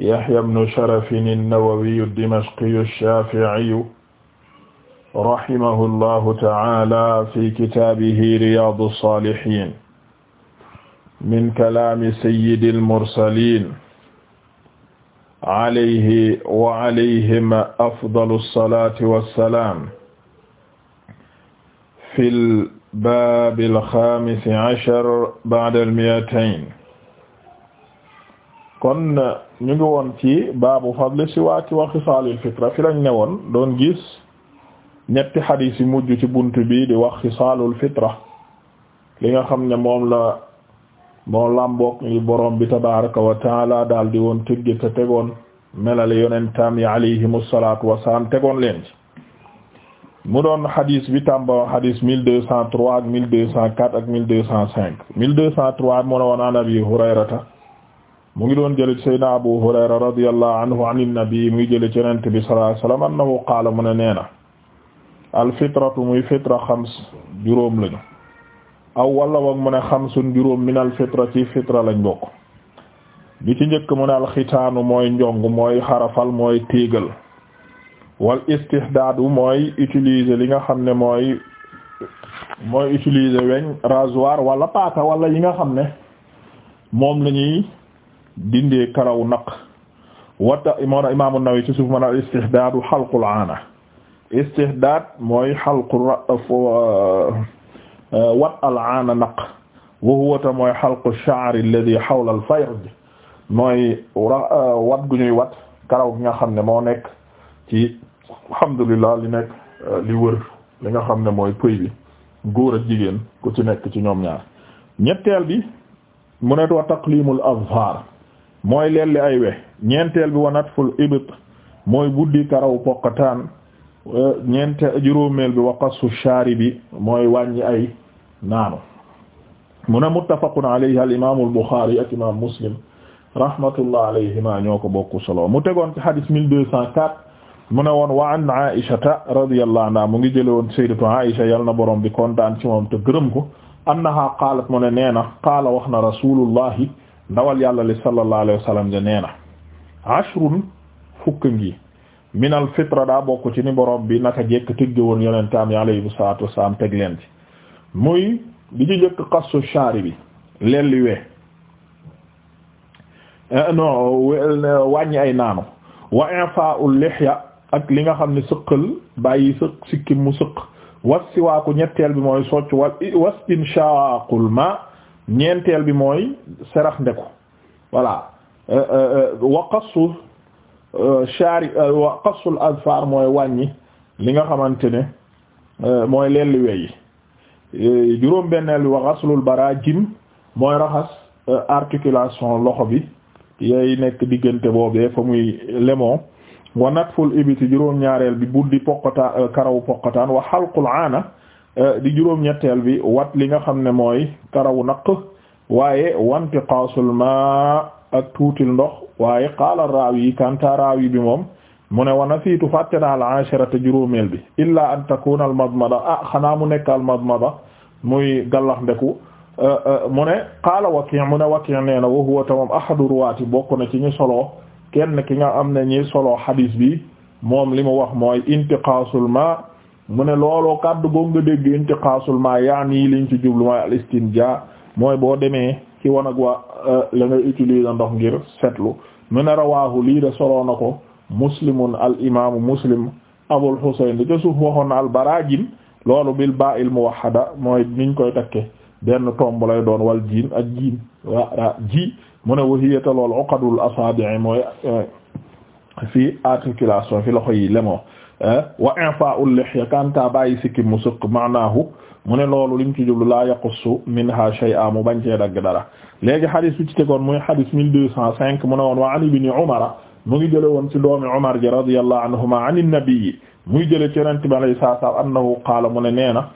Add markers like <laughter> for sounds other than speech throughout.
yahya bnu sharafin an-nawawiyu ad-dimashqiyu ash-shafi'iyu rahimahu llahu ta'ala fi kitaabihi riyaadu saalihiin min kalaami sayyidil mursaliin alayhi wa alayhim afdalu salaati wa salaam fil baabil xaamisi ashar ba'dal mi'atayn kon ñu ngi woon ci baabu fadli siwaaki wa xisaalil fitra fi lañ ne woon doon gis ñetti xadiis yi mujj ci bunt bi di wax xisaalul fitra li nga xam ne moom la moo làmboog ni borom bi tabaraka wa taala daal di woon tëgge te tegoon melale yonentam yi alayhimu salaatu wasalaam tegoon leen ci mu doon xadiis bi tàmba xadiis mille cent trois ak mille deux cent quatre ak mille deux cent cinq mu ngi doon jële ci sayyidina Abu Hurayra radiyallahu anhu an innabi mu ngi jële ci bi sallallahu alayhi wa sallam annahu mu ne nee na alfitratu muy fitra xams juróom lañu aw wala wag mu ne xamsun juróom min alfitra ci fitra lañ bokk bi ci njëkk mu ne alxitaanu mooy njong mooy xarafal mooy téegal wal istihdaadu mooy utiliser li nga xam ne mooy mooy utiliser weñ rasoir wala paaka wala yi nga xam ne moom lañuy dindee karaw naq wata na imaamu Nawawi ci suuf mën al istihdaadu xalqul aana istihdaad mooy xalqu uh, uh, uh, wat al aana naq wa huwa ta mooy xalqu sha'r alladhi hawla al fayrd mooy wat gu ñuy wat karaw gi nga xam ne moo nekk ci alhamdulillah li nekk li wër li nga xam ne mooy pëy bi góor ak jigéen ku ci nekk ci ñoom ñaar ñetteel bi mu ne wa taqlimul azhar mooy lelli ay we ñeenteel bi wanat ful ibit mooy buddi karaw poqataan euh, ñeente juróomeel bi waqasu shaari bi mooy wàññi ay naanu mu ne muttafaqun alayhi al imaamu al buxaari ak imaam muslim rahmatullah alayhima ñoo ko bokku solo mu tegoon ci hadis mille deux cent quatre mu ne woon wa an aishata radiyallahu anha mu ngi jële woon sayyidatu aisha yal na borom bi kontaan ci moom te gërëm ko annaha qaalat mu ne nee na qaala wax na rasulullahi ndawal yàlla li sallallahu alayhi wa sallam de nee na ashrun fukk ngi minal fitra daa bokk ci ni borom bi naka jekk tëgge woon yonentaam yi alayhi salaatu wasalaam teg leen ci muy bi ci njëkk xasu shaari bi lelli we eh, non wàññi ay naanu wa infa'ul lihya ak li nga xam ne sëqal bàyyi sëq sikkim mu sëq was siwaaku ñetteel bi mooy socc wa was inshaaqul ma ñeenteel bi mooy serax ndeku voilà euh, euh, euh, wa qassu shari wa mooy wàññi li nga xamante ne mooy lelli weyi juróom benneel bi wa ghaslul barajim mooy raxas articulation loxo bi yay nekk diggante boobee fa muy lemoo wa natful ibiti juróom ñaareel bi buddi poqataan karaw poqataan wa halqul aana Euh, di juróom-ñetteel bi wat li nga xam ne mooy karawu naq waaye wanti qaasul ma ak tuutil ndox waaye qaala raawi kanta raawi bi moom mu ne wana fiitu fàtte naa al ashirata juróomeel bi illa an takuna al madmada ah xanaa mu nekk al muy gallax ndeku euh, euh, mu ne qaala waki' mu ne waki' nee na wa huwa tamam ahadu ruwaati bokk na ci ñu solo kenn ki nga am ne ñi solo hadis bi moom li mu wax mooy intiqaasul ma mu ne looloo kàddu goog nga dégg intiqaasul ma yaani liñ ci jublu mooy al istinja mooy boo demee ci wanag wa euh, la ngay utiliser ndox ngir setlu mu ne rawaahu lii de soloo na ko muslimun al imaamu muslim abul husayn da ca suuf waxoon na al baraajin loolu bil baa'il muwahhada mooy niñ koy takke benn tomb lay doon wal jiin ak jiin waa ji mu ne wahiyata loolu uqadul mooy euh, fii articulation fi loxo yi lemoo Eh? wa infa'ul lihya kanta bàyyi sikkim mu sëq maanaahu mu ne loolu lim ci jublu la yaqussu minha shay'a mu bañ cee dagg dara léegi hadis bi ci tegoon muy hadis mille deux cent cinq mu ne woon wa an ibni umara mu ngi jële woon ci doomi umar ji radiyallahu anhuma an nabii muy jële ci yonent bi alayhi salaatu wa salaam annahu qaala mu nee na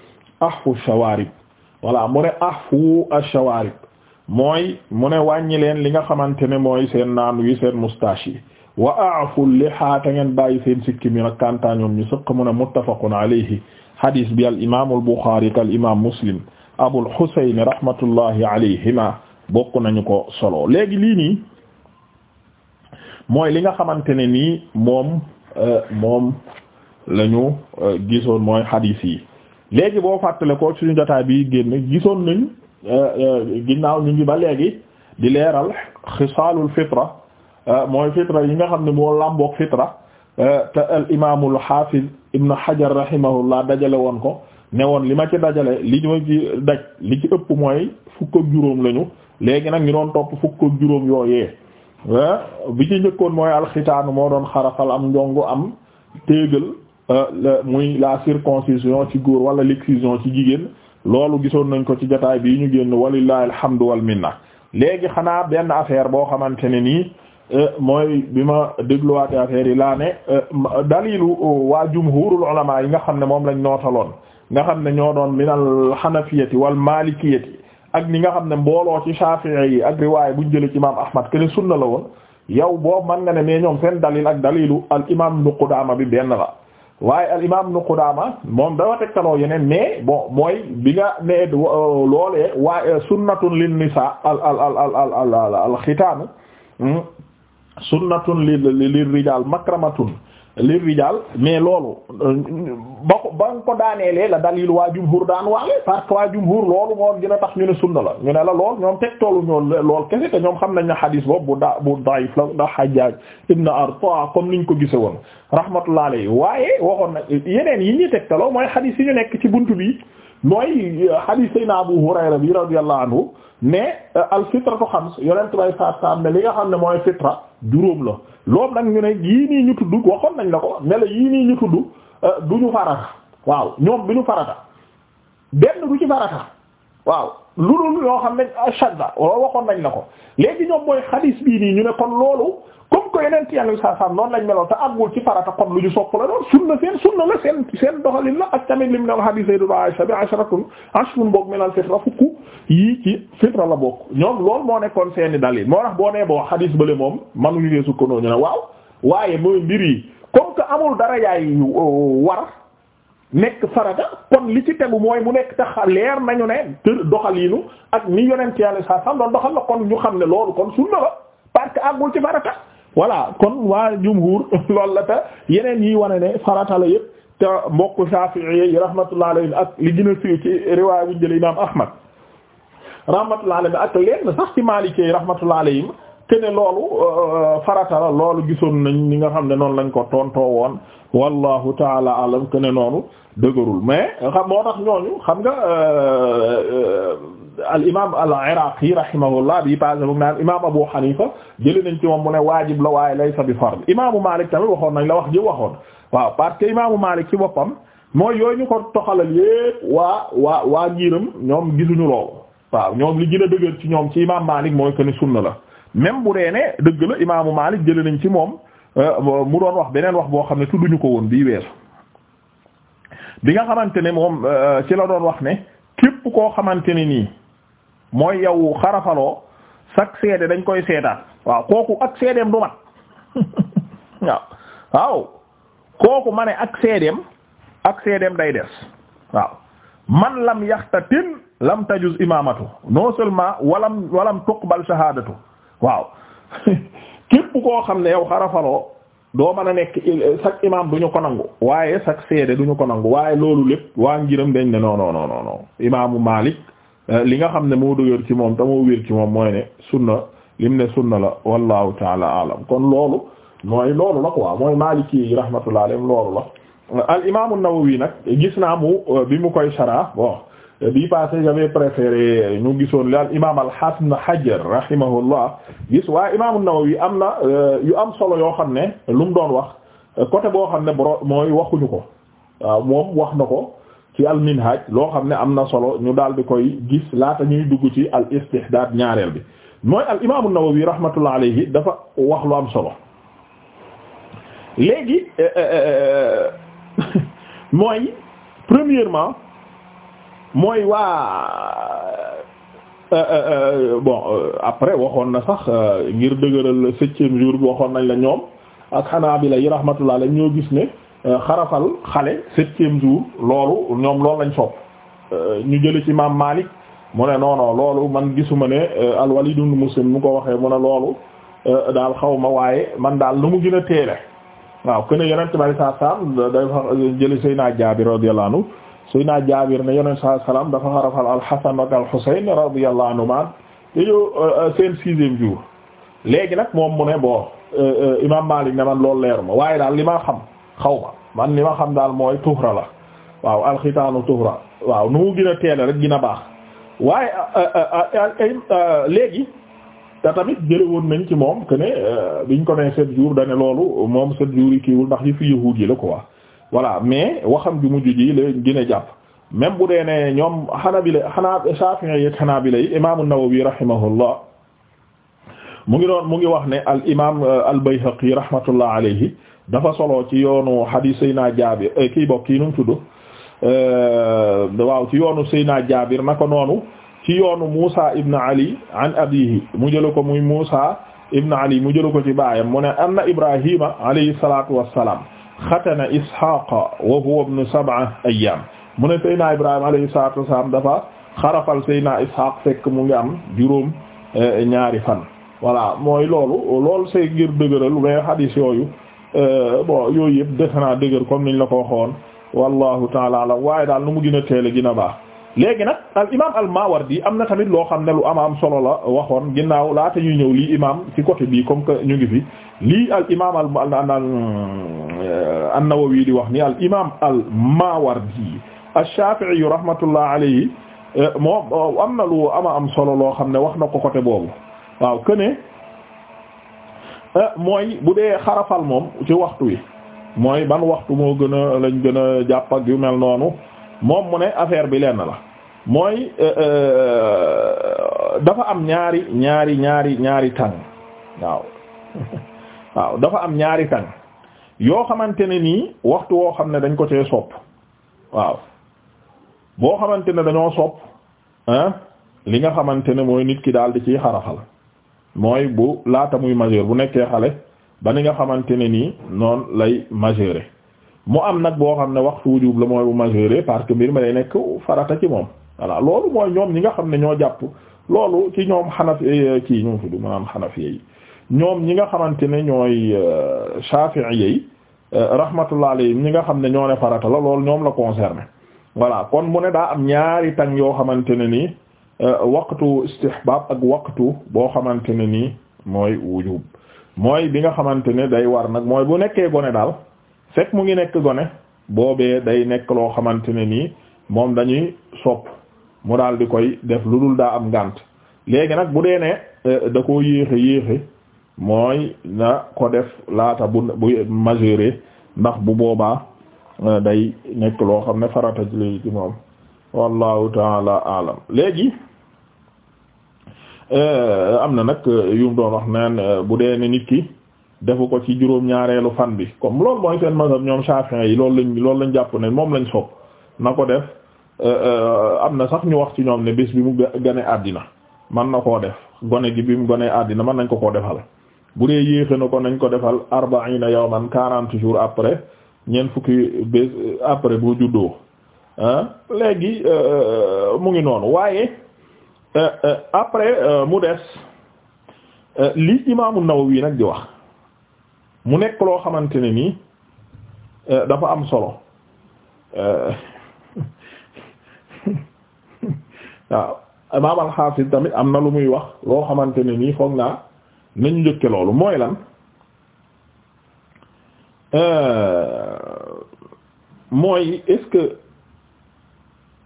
ahfu shawarib voilà mu ne ahfu ash-shawarib mooy mu ne wàññi leen li nga xamante ne mooy seen naan wi seen moustache yi wa aaful li xaata ngeen bàyyi seen sikki mi nag kanta ñoom ñu sëq mu ne muttafaqun alayhi hadis bi al imam al buxaari ak al imam muslim abul husayn rahmatullahi alayhima bokk nañu ko solo léegi lii nii mooy li nga xamante ne nii moom lañu euh, la euh, gisoon mooy hadis yi léegi boo fàttale ko suñu jotaay bi génn gisoon nañ Euh, euh, ginnaaw ñu ngi ba léegi di leeral xisaalul fitra euh, mooy fitra yi nga xam ne moo làmboog fitra te al imaamul xaafiz ibn hajar rahimahullah dajale woon ko ne woon li ma ci dajale li ma ci li ci ëpp mooy fukk ak juróom lañu léegi nag ñu doon topp fukk ak juróom yooyee bi ci njëkkoon mooy alxitaanu moo doon xarafal am njongu am téegal muy la circoncision ci góor wala l'excision ci jigéen loolu gisoon nañ ko ci jataay bii ñu génn walillahi alhamdu wal minna léegi xanaa benn affaire boo xamante ne nii euh, mooy bi ma dégluwaate affaire yi laa ne euh, dalilu euh, waa jumhurul ulama yi nga xam ne moom lañ nootaloon nga xam ne ñoo doon minal xanafiyati wal malikiyati ak ni nga xam ne mbooloo ci shafi'i yi ak riwaay buñ jëlee ci imaam ahmad kene sunna la woon yow boobu man nga ne mais ñoom seen dalil ak dalilu al imam ibn qudama bi benn la waaye al imaam Ibn Qudaama moom dafa tegtaloo yeneen mais bon mooy bi nga nee euh, loolee waaye euh, sunnatun lin nisaa al al al al al al al xitaanu hmm, sunnatun lil lil rijaal makramatun li rijaal mais loolu euh, ba ko ba nga ko daaneelee la dalil waa jumhur daan waale parce que waa jumhur loolu moo gën a tax ñu ne sunna la ñu ne la lool ñoom teg toolu ñoom lool kese te ñoom xam nañ ne xadiis boobu bu da bu daif la ndax Hajjaaj ibn Arta comme niñ ko gise woon rahmatullah alayhi waaye waxoon na yeneen yi ñuy teg taloo mooy xadiis yi ñu nekk ci bunt bi mooy euh, xadiis sayna Abu Hurayra bi radiyallahu anhu ne euh, al fitratu xam yonent bay saat saam li nga xam ne mooy fitra la loolu nag ñu ne yii nii ñu tudd waxoon nañ la ko ne la yii nii ñu tudd euh, du ñu farata waaw ñoom du ñu farata benn du ci waaw lu dul yoo xam ne ashadda wala waxoon nañ la ko léegi ñoom mooy xadis bii nii ñu ne kon loolu comme que yeneen ci yàlla saa saa noonu lañ meloon te àggul ci farata kon lu ñu sopp la doon sunna seen sunna la seen doxalin la ak tamit lim ne xadis Sayyidatu Aisha bi asharatun ashrun bokk minal fitra fukk yii ci fitra la bokk ñoom loolu moo nekkoon seeni dalil moo tax boo nee boo ba bële moom mënuñu ne sukkanoo ñu ne waaw waaye mooy mbir yi comme que amul dara yaay war. nekk farata kon li ci tegu mooy bu nekk tax leer nañu ne tër doxaliinu ak ni yonent yàlla saa sam doon doxal la kon ñu xam ne loolu kon sunna la parce que àggul ci farata voilà kon waa jumhur <laughs> loolu la te yeneen yi wane ne farata la yëpp te mbokk Shafi'i yi rahmatullah alayhi ak li gën a siiw ci riwaaya bu jël imam Ahmad rahmatullah alayhi ak lenn sax ci Maliki yi rahmatullah alayhi te ne loolu euh, farata la loolu gisoon nañ ni nga xam ne noonu lañ ko tontoo woon wallahu taala alam te ne noonu dëgërul mais xam moo tax ñooñu xam nga euh, euh, al imaam al iraqi rahimahullah bi passé bu naan imaam abu hanifa jëli nañ ci moom mu ne waajib la waaye laysa bi fard imaamu malik tamit waxoon nañ la wax ji waxoon waaw parce que imaamu malik ci boppam mooy yooyu ñu ko toxalal yépp waa waa waa ngiiram ñoom gisuñu loolu waaw ñoom li gën a dëgër ci ñoom ci imaam malik mooy que la même bu dee ne dëgg la imaamu Maalik jëlee nañ ci moom euh, mu doon wax beneen wax boo xam ne tudduñu ko woon bii weesu bi nga xamante ne moom euh, ci la doon wax ne képp koo xamante ne nii mooy yow xarafaloo sak seede dañ koy seetaan waaw kooku ak seedeem du mat <laughs> waaw kooku ma ne ak seedeem ak seedeem day des waaw man lam yaxtatin lam tajuz imamatu non seulement walam walam tuqbal shahadatu waaw <laughs> képp koo xam ne yow xarafaloo doo mën a nekk sak imam du ñu ko nangu waaye sak seede du ñu ko nangu waaye loolu lépp waa ngiram dañ ne non non non non imaamu Malik euh, li nga xam ne moo dëgër ci moom te moo wér ci moom mooy ne sunna lim ne sunna la wallahu taala alam kon loolu mooy loolu la quoi mooy Maliki yi rahmatullah alayhi loolu la al imaamu Nawawi nag gis naa mu euh, bi mu koy sara bon bii passé j'avais préféré ñu gisoon li al imam al-Hasan Hajar rahimahullah gis waaye imam an-Nawawi am na euh, yu am solo yoo xam ne lu doon wax côté boo xam ne boro mooy waxuñu ko waaw moom wax na ko ci al-Minhaj loo xam ne am na solo ñu daal di koy gis laata ñuy dugg ci al-istihdaad ñaareel bi mooy al imam an-Nawawi rahmatullah alayhi dafa wax lu am solo léegi euh, euh, <laughs> mooy premièrement mooy waa euh, euh, euh, bon après waxoon na sax ngir dëgëral septième jour bi waxoon nañ la ñoom ak Hanaabila yi rahmatullah lañ ñoo gis ne xarafal xale septième jour loolu ñoom loolu lañ sopp ñu jële ci maam Malik mu ne non non loolu man gisuma ne al-Walid ibn Muslim mu ko waxee mu ne loolu daal xaw waaye man daal lu mu gën a teele waaw yeneen yenente bari sa sam dafa jële Seydina Jaabir radiyallahu anhu Seydina Jaabir ne sa saa salaam dafa xarafal al-Hasan ak al-Husayn radiyallahu anhuma dañoo euh, euh, seen sixième jour léegi nag moom mu ne bon euh, imaam Maalik ne man loolu leer ma waaye daal li ma xam xaw ma man li ma xam daal mooy tuhra la waaw alxitaanu tuhra waaw nu mu gën a teele rek gën a baax waaye léegi te tamit jële woon nañ ci moom que ne biñ ko nee sept jours da ne loolu moom sept jours yi kiiwul ndax yi fi yahuud yi la quoi. voilà mais waxam ju mujj ji la gën a jàpp même bu dee ne ñoom Hanabila xanaa Shafi'i yi Hanabila yi imaam an-Nawawi rahimahullah mu ngi doon mu ngi wax ne al imaam euh, al Bayhaqi rahmatullah alayhi dafa solo ci yoonu hadith Seyna Jaabir euh, kii bokk kii nu mu tudd euh, waaw ci yoonu Seyna Jaabir naka noonu ci yoonu Moussa Ibn Ali an abihi mu jëla ko muy Moussa Ibn Ali mu jëla ko ci baayam mu ne anna Ibrahima alayhi salaatu wa salaam xate xatana ishaqa wa huwa ibnu sab'a ayyam mu ne Seydina Ibrahima alayhi salatu wassalam dafa xarafal Seydina ishaq fekk mu ngi am juróom eh, ñaari fan voilà mooy loolu loolu sey ngir dëgëral mais hadith yooyu eh, bon yooyu yëpp defe naa dëgër comme niñ la ko waxoon wallahu taala alam waaye daal nu mu gën a teele gën a baax léegi nag al imam al Mawardi am na tamit loo xam ne lu am am solo la waxoon ginnaaw laata ñuy ñëw lii imaam ci côté bii comme que ñu ngi fi lii al imam al euh, Nawawi di wax ni al imam al Mawardi ash-Shafi'i rahmatullah euh, moom euh, am na lu ama am solo loo xam ne wax na ko côté boobu waaw këne mooy bu dee xarafal moom ci waxtu wi mooy ban waxtu moo gën a lañ gën a jàpp yu mel noonu moom mu ne affaire bi lenn la mooy euh, euh, dafa am ñaari ñaari ñaari ñaari tàng waaw <laughs> waaw dafa am ñaari tàng yoo xamante ne nii waxtu woo xam ne dañ ko cee sopp waaw boo xamante ne dañoo sopp hein li nga xamante ne mooy nit ki daal di ciy xarafal mooy bu laata muy majeur bu nekkee xale ba ni nga xamante ne nii noon lay majeure mu am nag boo xam ne waxtu wujub la mooy bu majeure parce que mbir ma day nekk farata ci moom voilà loolu mooy ñoom ñi nga xam ne ñoo jàpp loolu ci ñoom xanafi eh, kii ñoom tudd maanaam xanafi yi ñoom ñi nga xamante ne ñooy euh, shafi'i yi euh, rahmatullah yi ñi nga xam ne ñoo ne farata la loolu ñoom la concerné voilà kon mu ne daa am ñaari tàng yoo xamante ne nii euh, waqtu istihbab ak waqtu boo xamante ne nii mooy wujub mooy bi nga xamante ne day war nag mooy bu nekkee gone daal fekk mu ngi nekk gone boobee day nekk loo xamante ne nii moom dañuy sopp mu daal di koy def lu dul daa am ngànt léegi nag bu dee ne euh, da koo yéexe mooy na ko def laata bu bu majeure ndax bu boobaa euh, day nekk loo xam ne farata ji ci moom wallahu taala alam léegi euh, am na nag yu mu doon wax naan bu dee ne nit ki defu ko ci juróom-ñaareelu fan bi comme loolu mooy seen mazhab ñoom Shafi'i yi loolu lañ loolu lañ jàpp ne moom lañ sopp na ko def euh, euh, am na sax ñu wax ci ñoom ne bés bi mu gane àddina man na ko def gone gi bi mu gone àddina man nañ ko koo defal bu dee yéexe na ko nañ ko defal arba'ina yawman quarante jours après ñeent fukki bés euh, après boo juddoo léegi mu ngi noonu waaye après mu des li imaamu wii nag di wax mu nekk loo xamante ne nii euh, dafa am solo euh, <laughs> waaw imaam al-Hafiz tamit am na lu muy wax loo xamante ne nii foog naa nañ njëkke loolu mooy lan euh, mooy est-ce que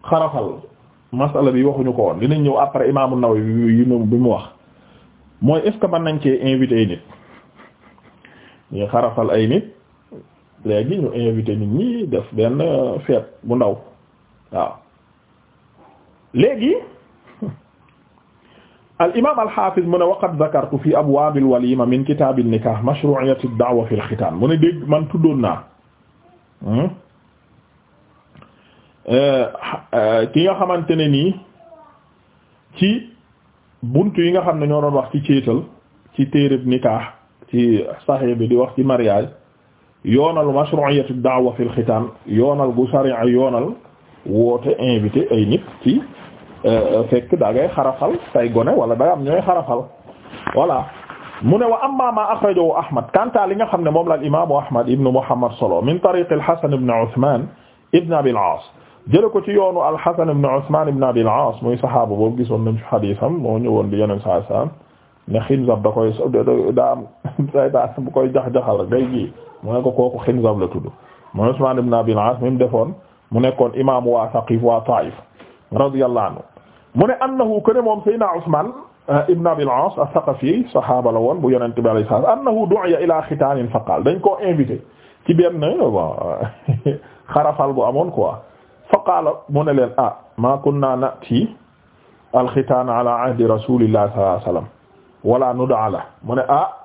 xarafal masala bi waxuñu ko woon dinañ ñëw après imaamu Nawawi yi bi mu wax mooy est-ce que nañ cee invité nit ñi xarafal ay nit léegi ñu invité nit ñi def benn euh, fête bu ndaw waaw léegi <laughs> al imaam al xaafiz mu ne waqad zakartu fi abwaabil waliima min kitaabil nikaah mashruu'iyyatid da'wa fil xitaan mu ne dégg man tuddoon naa hmm? euh, euh, ki nga xamante ne nii ci buntu yi nga xam ne ñoo doon wax ci céetal ci téereb nikah ci Sahih bi di wax ci mariage yoonal mashru'iyyatu da'wa fil xitaan yoonal bu sariya yoonal woote invité ay nit ci euh, fekk da ngay xarafal tay gone wala da am ñooy xarafal voilà mu ne wa ma axrajahu Ahmad kanta li nga xam ne moom la imaamu Ahmad solo min tariq al-Hasan ibn Uthman ibn Abi ko ci yoonu al-Hasan ibn Uthman ibn Abi al-Aas muy saxaaba boobu gisoon nañ ci xadiisam moo ñëwoon di yeneen saa ne xinzab da koy daa saytaan bu koy jax-jaxal day ji mu ne ko kooku Xinzab la tudd mooy Usmaan ibn Abil As mi mu defoon mu nekkoon imaamu waa Saqiif waa Taayif radiyallahu anhu mu ne annahu kaana moom Seydina Usmaan eh, ibn Abil As as-Saqafi saxaaba la woon bu Yonent bi alayhi salaam annahu du'iya ilaa xitaanin fa qaala dañ koo invité ci benn bon <laughs> xarafal bu amoon quoi fa qaala mu ne leen ah maa kunnaa na'tii al-xitaan alaa ahdi rasuulillah sallallahu alayhi wa sallam wala nud'a la mu ne ah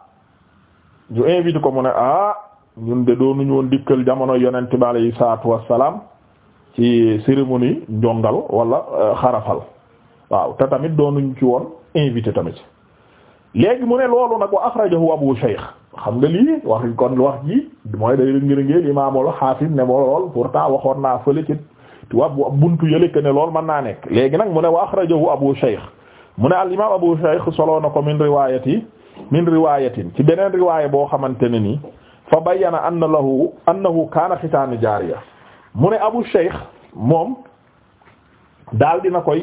ñu invité ko mu ne ah ñun de doonuñu woon dikkal jamono yonent bi alayhi salaatu wassalaam ci cérémonie njongal wala euh, xarafal waaw te tamit doonuñ ci woon invité tamit léegi mu ne loolu nag wa akhrajahu Abu Shaykh xam nga lii wax kon wax ji mooy day ngërëngeel imaamul xaafis ne moo lool pourtant waxoon naa fële ci wa buntu yële que ne lool mën naa nekk léegi nag mu ne wa akhrajahu Abu Shaykh mu ne al imaam Abu Shaykh solo na ko min riwaayati min riwayatin ci beneen riwaaya boo xamante ne nii fa bayyana anna lahu annahu kaana xitaanu jaariya mu ne abu cheikh moom daal dina koy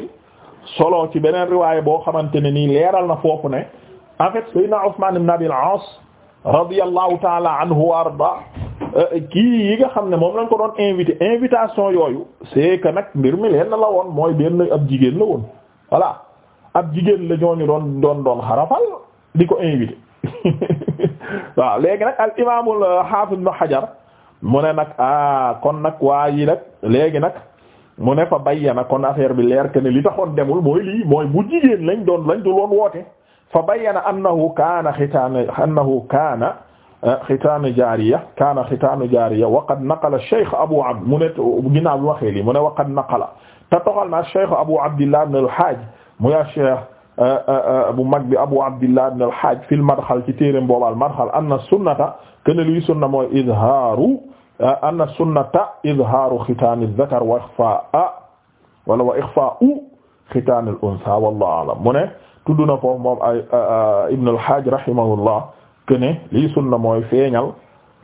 solo ci beneen riwaaya boo xamante ne nii leeral na foofu ne en fait sayyidina Usmaan ibn Abil Aas radiyallahu taala anhu wa arda kii yi nga xam ne moom lañ ko doon invité invitation yooyu c'est que nag mbir mi leen la woon mooy benn ab jigéen la woon voilà ab jigéen la ñooñu doon doon doon xarafal di ko invité <laughs> waaw léegi nag al imaamul hafiz euh, hajar mu ne nag ah kon nag waa yi nag léegi nag mu ne fa bayyana kon affaire bi leer que ne li taxoon demul mooy lii mooy bu jigéen lañ doon lañ du loon woote fa bayyana annahu kaana xitaan annahu kaana euh, xitaanu jaariya kaana xitaanu jaariya waqad naqala cheikh abou abd mu ne ginnaaw bi waxee mu ne waqad naqala te toxal na cheikh abou abdillah ibn al hajj mu ya Euh, euh, euh, bu mag bi abu abdillah ibn al-hajj fil madxal ci téereem boobal madxal anna sunnata kana luy sunna mooy izhaaru anna sunnata izhaaru xitaani zakar wa ixfaa wala wa ixfaa'u xitaan al-unsa wallahu a'lam mu ne tudd na foofu moom ay ibn al-hajj rahimahullah kene lii sunna mooy feeñal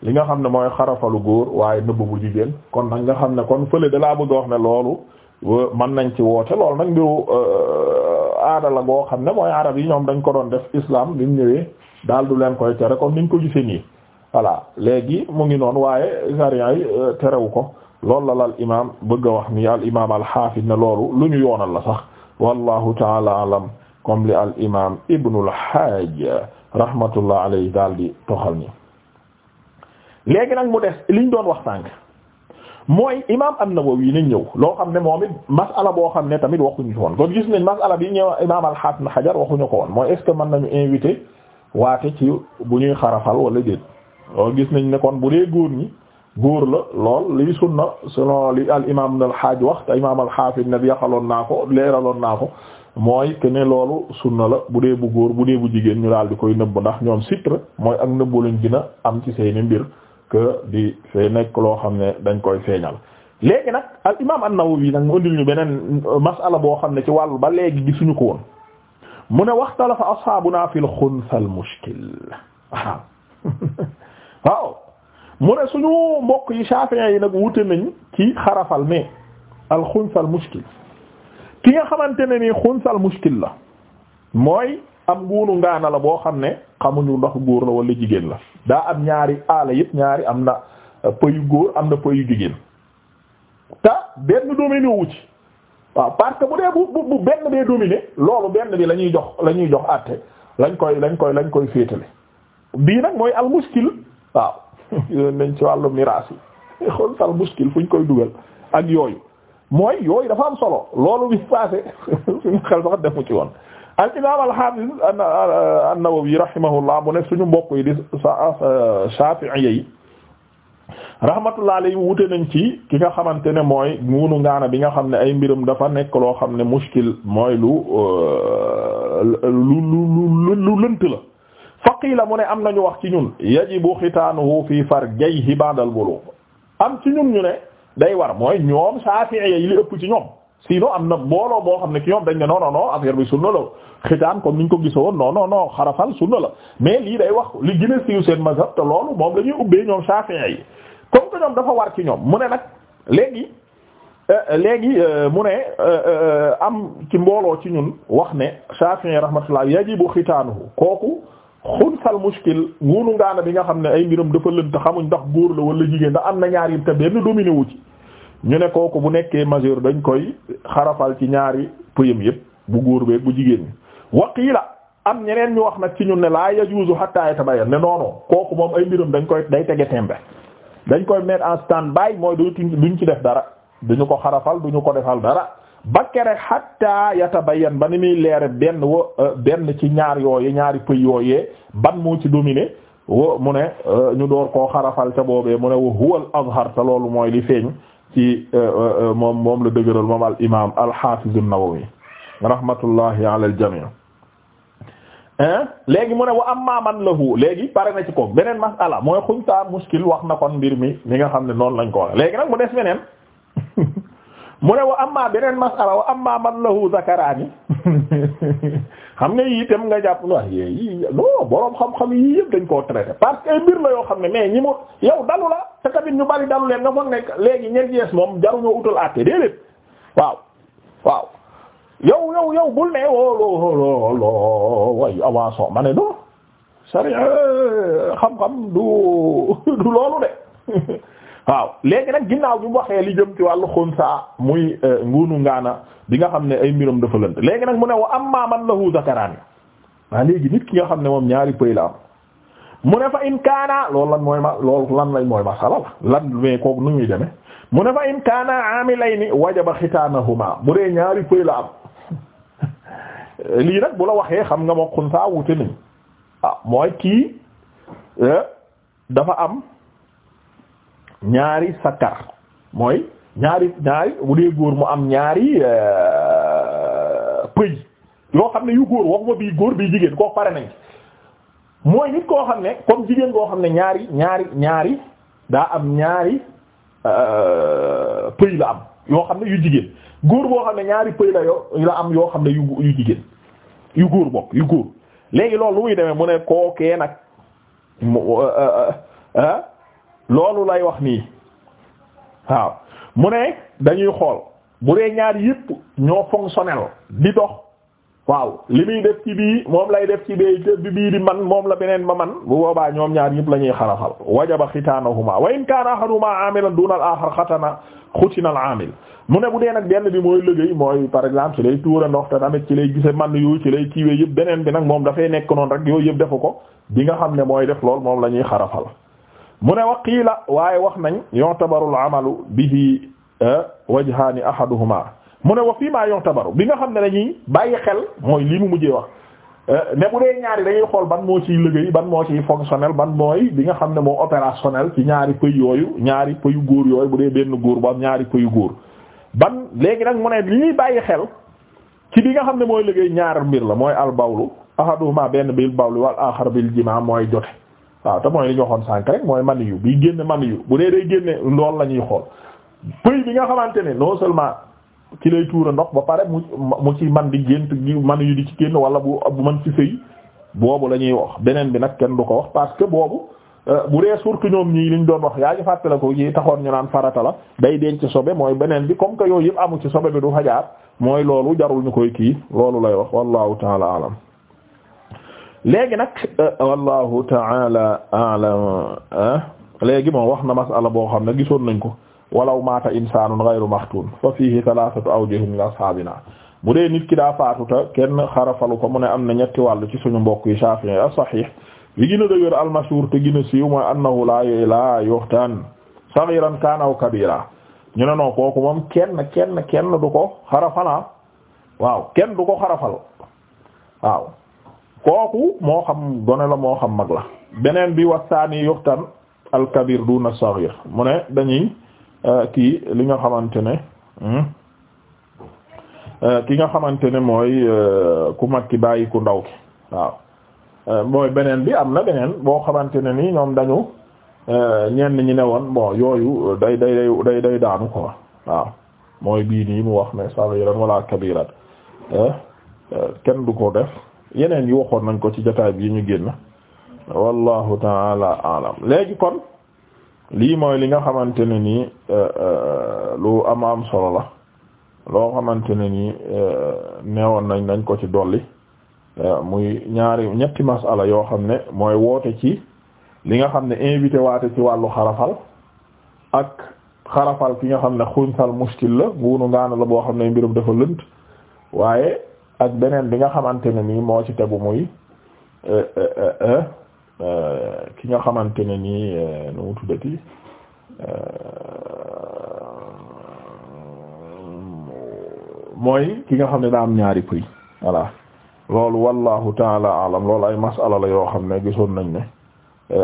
li nga xam ne mooy xarafalu góor waaye nëbb bu jigéen kon nag nga xam ne kon fële dalaa bëgg a wax ne loolu mën nañ ci woote loolu nag mbiru euh, aada la goo xam ne mooy arab yi ñoom dañ ko doon def islaam bi mu ñëwee daal du leen koy tere comme niñ ko gisee nii voilà léegi mu ngi noonu waaye sharia yi euh, terewu ko loolu la lal imaam bëgg a wax ni al imaam al xaafid ne loolu lu ñu yoonal la sax wallahu taala alam comme li al imaam Ibnul Hajj rahmatullah alayhi daal di toxal ni léegi nag mu des liñ doon wax sànq. mooy imaam an-Nawawi nañ ñëw loo xam ne moom it masala boo xam ne tamit waxuñu ko woon kon gis nañ masala bi ñëw imaam al-Hasan Hajar waxuñu ko woon mooy est-ce nañu invité waate ci bu ñuy xarafal wala déet loolu gis nañ ne kon bu dee góor ñi góor la lool liy sunna selon li al imaam na xaaj wax te imaam al-Hafiz ne yaxaloon naa ko leeraloon naa ko mooy que ne loolu sunna la bu dee bu góor bu dee bu jigéen ñu daal di koy nëbb ndax ñoom sitre mooy ak nëbbu lañ gën a am ci seeni mbir. que di nekk loo xam ne dañ koy feeñal léegi nag al imaam an-Nawawi nag mu indil ñu beneen euh, masala boo xam ne ci wàllu ba léegi gisuñu ko woon mu ne waxtalafa ashaabuna fil xunsal mushkil waaw <laughs> waaw mu ne suñu mbokk yi Shafi'i yi nag wute nañ ci xarafal mais al xunsal mushkil ki nga xamante ne nii xunsal mushkil la mooy am nguunu ngaana la boo xam ne xamuñu ndax góor la wala jigéen la daa am ñaari aala yëpp ñaari am na pëyu góor am na pëyu jigéen te benn dominé wu ci waaw parce que bu dee bu bu benn bee dominé loolu benn bi la ñuy jox lañuy jox àtte lañ koy lañ koy lañ koy féetale bii nag mooy al muskil waaw <laughs> nañ ci wàllu miraas yi <laughs> xool sal muskil fuñ koy dugal ak yooyu mooy yooyu dafa am solo loolu bi passé <laughs> suñu xel sax defu ci woon al imaam al hafiz an-Nawawi rahimahullah mu ne suñu mbokk yi di ah, Shafi'iyya yi rahmatullah alayhi wute nañ ci ki nga xamante ne mooy nguunu ngaana bi nga xam ne ay mbiram dafa nekk loo xam ne mushkil mooy lu euh, lu lu lënt la faqiila mu ne am nañu wax ci ñun yajibu xitaanuhu fi farjayhi ba'da al-bulugh am ci ñun ñu ne day war mooy ñoom Shafi'iyya yi li ëpp ci ñoom sinon am na mbooloo boo xam ne ki ñoom dañ ne non non non affaire bi sunna la xitaan comme niñ ko gisoon non non non xarafal sunna la mais lii day wax li gën a siiw seen mazhab te loolu moom la ñuy ubbee ñoom Shafi'i yi comme que ñoom dafa war ci ñoom mu ne nag léegi euh, léegi euh, mu ne euh, am ci mbooloo ci ñun wax ne Shafi'i rahmatullah yajibu xitaanuhu kooku xunsal mushkil nguunu ngaana bi nga xam ne ay mbiram dafa lënt xamuñ ndax góor la wala jigéen ndax am na ñaar yim te benn dominé wu ci ñu ne kooku bu nekkee majeur dañ koy xarafal ci ñaari pëyam yëpp bu góor beeg bu jigéen ñi waqiila am ñeneen ñu wax nag ci ñun ne laa yajuuzu hatta yatabayyan ne noonu kooku moom ay mbirum dañ koy day tege tembe dañ koy mettre en stand by mooy duñ ci def dara duñu ko xarafal duñu ko defal dara ba kere hatta yatabayyan ba ni muy leere benn wo euh, benn ci ñaar yooye ñaari pëy yooyee ban mu ci dominé wo mu ne euh, ñu door koo xarafal ca boobee mu ne wa loolu mooy li feeñ ci euh, euh, euh, moom moom la dëgëral moom al imaam al xaafiz an-Nawawi rahmatullahi ala al jamii léegi mu ne wa amma man lahu léegi pare na ci ko beneen masala mooy xuntaa muskil wax na kon mbir mi mi nga xam ne noonu lañ ko wax léegi nag mu des beneen mu ne wa amma beneen masala wa amma man lahu zakaraani <laughs> xam nga yii itam nga jàpp wax yii non borom xam-xam yii yëpp dañ koo traité parce que mbir la yoo xam ne mais ñi mu yow dalu la te tamit ñu bari dalu leen nga foog ne léegi ñeent yees moom jaruñoo utal àtte déedéet waaw waaw yow yow yow bul ne woololol oh, oh, oh, way avançon ma ne do sari xam-xam du <laughs> du loolu de <laughs> waaw léegi nag ginnaaw bi mu waxee li jëm ci wàllu xunsa muy euh, nguunu ngaana di nga xam ne ay mbiram dafa lënd léegi nag mu ne am amma man lahu zakaraan waa léegi nit ki nga xam ne moom ñaari pëy la am mu ne fa in kaana loolu lan mooy ma loolu lan lañ mooy masala la lan mais kooku nu muy demee mu ne fa in kaana amilayni wajaba xitaanahuma bu dee ñaari pëy la am <laughs> lii nag bu la waxee xam nga moo xunsa wute nañ ah mooy kii euh, dafa am ñaari sakkar mooy ñaari ñaari bu dee góor mu am ñaari euh, pëj yoo xam ne yu góor waxuma bii góor bii jigéen koo pare nañ mooy nit koo xam ne comme jigéen koo xam ne ñaari ñaari ñaari daa am ñaari euh, pëy la am yoo xam ne yu jigéen góor boo xam ne ñaari pëy la am yoo xam ne yu yu yu góor bokk yu góor léegi loolu lu muy demee mu ne kookee nag euh, loolu lay wax nii waaw mu ne dañuy xool bu dee ñaar yëpp ñoo fonctionnel di dox waaw li muy def ci bii moom lay def ci bee bi bii di man moom la beneen ba man bu boobaa ñoom ñaar yëpp la ñuy xarafal wajaba xitaanahuma wa in kaana ahadumaa amilan duna al axar xatana xutina al amil mu ne bu dee nag benn bi mooy liggéey mooy par exemple ci lay tuura ndox te tamit ci lay gise man yu ci lay kiiwee yëpp beneen bi nag moom dafay nekk noonu rek yooyu yëpp defu ko bi nga xam ne mooy def lool moom la ñuy xarafal mu ne wax wa la waaye wax nañ yontabarul amalu bihi eh, wajhaani ahaduhuma mu ne wa fii maa yontabaru bi nga xam ne dañuy bàyyi xel mooy lii mu mujjee wax eh, ne bu dee ñaari dañuy xool ban moo ciy liggéey ban moo ciy fonctionnel ban mooy bi nga xam ne moo opérationnel ci ñaari pëy yooyu ñaari pëyu góor yooyu bu dee benn góor ba ñaari pëyu góor ban léegi nag mu ne li ñuy bàyyi xel ci bi nga xam ne mooy liggéey ñaar mbir la mooy albawlu ahaduhuma benn bil bawlu wal axar bil jima mooy jote waaw te mooy li ñu waxoon sànk rek mooy mani yu bi génne mani yu bu dee day génne lool la ñuy xool pëy bi nga xamante ne non seulement ki lay tuura ndox ba pare mu mu ci man di gént mani yu di ci génn wala bu bu man ci sëy boobu la ñuy wax beneen bi nag kenn du ko wax parce que boobu euh, bu dee surtout ñoom ñii liñ doon wax yaa ngi fàttale ko yi taxoon ñu naan farata la day denc sobe mooy beneen bi comme que yooyu yëpp amu ci sobe bi du fajaar mooy loolu jarul koy kii loolu lay wax wallahu taala alam léegi nag wallahu euh, taala alam léegi moom wax na masala boo xam ne gisoon nañ ko walaw mata insanun ghayru mahtun fa fihi thalathatu awjuh min ashabina bu dee nit ki daa faatuta kenn xarafalu ko mu ne am na ñetti wàllu ci suñu mbokk yi Shafi'i as-sahih li gën a dëgër al-mashhur te gën a siiw mooy annahu la la yuhtan saghiran kana aw kabira ñu ne non kooku moom kenn kenn kenn du ko xarafala waaw kenn du ko xarafal waaw kooku moo xam gone la moo xam mag la beneen bi wasaani yuxtan alkabir duna saghir mu ne dañuy euh, kii li nga xamante ne hmm? euh, ki nga xamante ne mooy euh, ku mag ki bàyyi ku ndaw ki waaw mooy beneen bi am na beneen boo xamante ne ni ñoom dañu ñenn ñi ne woon bon yooyu day day day day day daanu ko waaw mooy bii nii mu wax ne saghiran wala kabiran kenn du ko def yeneen yi waxoon nañ ko ci jotaay bii ñu génn wallahu taala alam léegi kon lii mooy li nga xamante ne nii euh, euh, lu am am solo la loo xamante ne nii euh, neewoon nañ nañ ko ci dolli muy ñaari ñetti masala yoo xam ne mooy woote ci li nga xam ne invité waate ci wàllu xarafal ak xarafal ki nga xam ne xunsal muskil la nguunu ngaana la boo xam ne mbirum dafa lënt waaye ak beneen bi nga xamante ne nii moo ci tegu muy euh, euh, euh, ki nga xamante ne nii nu mu tuddati mooy ki nga xam ne daa am ñaari pëy voilà loolu wallahu taala alam loolu ay masala la yoo xam ne gisoon nañ ne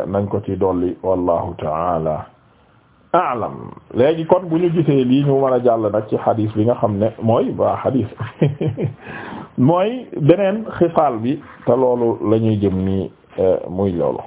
nañ ko ci dolli wallahu taala alam léegi kon bu ñu gisee lii ñu mën jàll nag ci xadis bi nga xam ne mooy ba xadis <laughs> mooy beneen xisaal bi te loolu la ñuy jëm nii euh, muy loolu